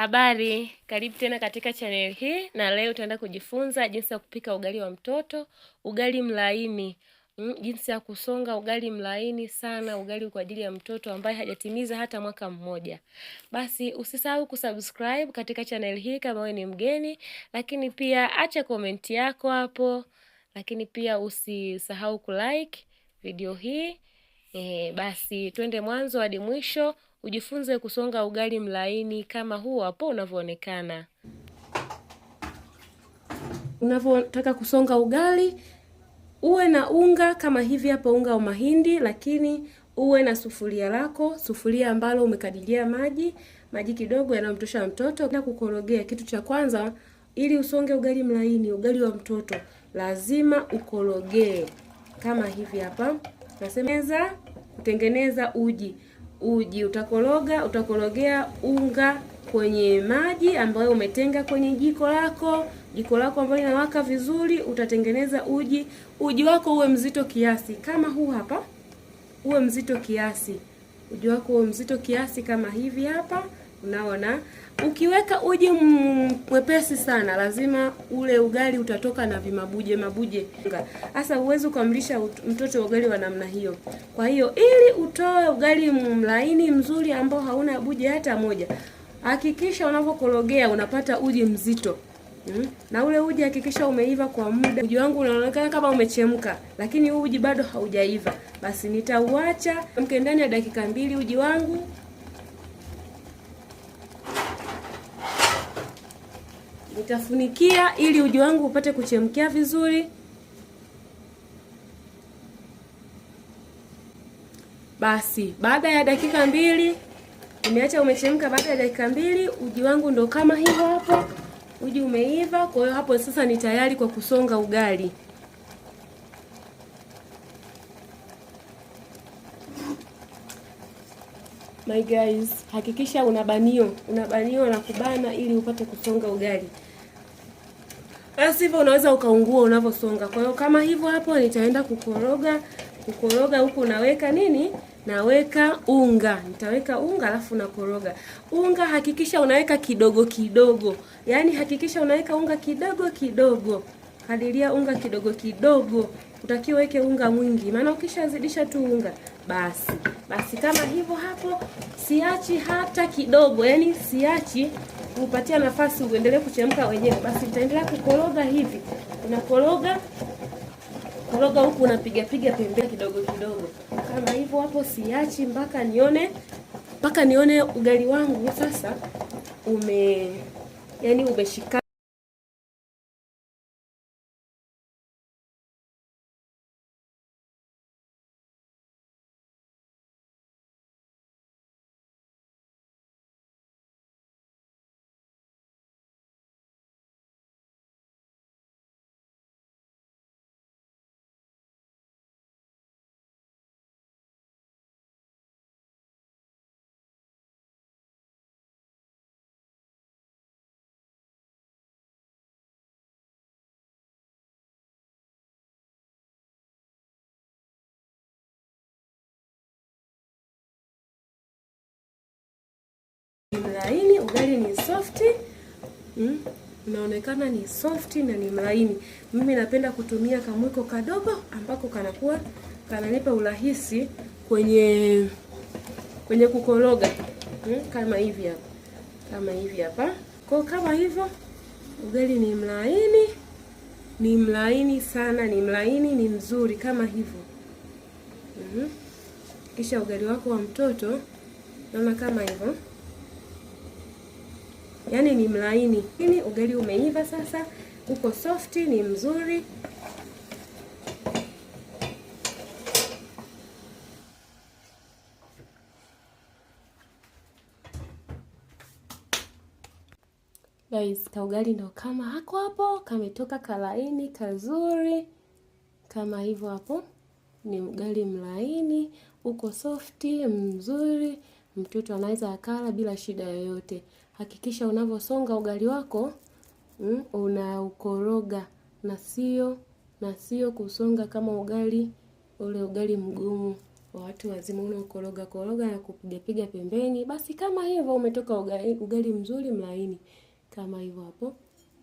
Habari, karibu tena katika chaneli hii, na leo tutaenda kujifunza jinsi ya kupika ugali wa mtoto, ugali mlaini, mm, jinsi ya kusonga ugali mlaini sana, ugali kwa ajili ya mtoto ambaye hajatimiza hata mwaka mmoja. Basi usisahau kusubscribe katika chaneli hii kama wewe ni mgeni, lakini pia acha komenti yako hapo, lakini pia usisahau kulike video hii. E, basi twende mwanzo hadi mwisho ujifunze kusonga ugali mlaini kama huu hapo unavyoonekana. Unavyotaka kusonga ugali, uwe na unga kama hivi hapo, unga wa mahindi, lakini uwe na sufuria lako, sufuria ambalo umekadilia maji maji kidogo yanayomtosha mtoto na kukorogea. Kitu cha kwanza, ili usonge ugali mlaini, ugali wa mtoto lazima ukorogee kama hivi hapa. Nasemeza kutengeneza uji uji utakoroga, utakorogea unga kwenye maji ambayo umetenga kwenye jiko lako, jiko lako ambalo linawaka vizuri, utatengeneza uji. Uji wako uwe mzito kiasi kama huu hapa, uwe mzito kiasi, uji wako uwe mzito kiasi kama hivi hapa. Unaona, ukiweka uji mwepesi sana, lazima ule ugali utatoka na vimabuje mabuje. hasa huwezi ukamlisha mtoto ugali wa namna hiyo. Kwa hiyo ili utoe ugali mlaini mzuri ambao hauna buje hata moja, hakikisha unavyokorogea unapata uji mzito. Hmm. Na ule uji hakikisha umeiva kwa muda. Uji wangu unaonekana kama umechemka, lakini uji bado haujaiva. Basi nitauacha mke ndani ya dakika mbili uji wangu nitafunikia ili uji wangu upate kuchemkia vizuri. Basi baada ya dakika mbili nimeacha umechemka. Baada ya dakika mbili uji wangu ndo kama hivyo hapo, uji umeiva. Kwa hiyo hapo sasa ni tayari kwa kusonga ugali. My guys, hakikisha una banio, una banio na kubana ili upate kusonga ugali basi hivyo unaweza ukaungua unavyosonga. Kwa hiyo kama hivyo hapo, nitaenda kukoroga kukoroga huku naweka nini? Naweka unga, nitaweka unga alafu nakoroga unga. Hakikisha unaweka kidogo kidogo, yaani hakikisha unaweka unga kidogo kidogo, kadiria unga kidogo kidogo, utakiwa weke unga mwingi, maana ukishazidisha tu unga basi basi. Kama hivyo hapo, siachi hata kidogo, yaani siachi kupatia nafasi uendelee kuchemka wenyewe, basi utaendelea kukoroga hivi. Unakoroga koroga huku unapigapiga pembeni kidogo kidogo kama hivyo hapo, siachi mpaka nione mpaka nione ugali wangu sasa ume yani umeshika Ni mlaini, ugali ni softi mm, unaonekana ni softi na ni mlaini. Mimi napenda kutumia kamwiko kadogo ambako kanakuwa kananipa urahisi kwenye kwenye kukologa mm, kama hivi hapa, kama hivi hapa. Kwa kama hivyo, ugali ni mlaini, ni mlaini sana, ni mlaini, ni mzuri kama hivyo mm -hmm. Kisha ugali wako wa mtoto naona kama hivyo yani ni mlaini. ini ugali umeiva sasa, uko soft, ni mzuri. Guys, kaugali ndo kama hako hapo, kametoka kalaini kazuri kama hivyo hapo. Ni ugali mlaini, uko softi mzuri mtoto anaweza akala bila shida yoyote. Hakikisha unavyosonga ugali wako mm, unaukoroga na sio na sio kusonga kama ugali ule ugali mgumu wa watu wazima, unaukoroga koroga na kupigapiga pembeni. Basi kama hivyo umetoka ugali, ugali mzuri mlaini kama hivyo hapo.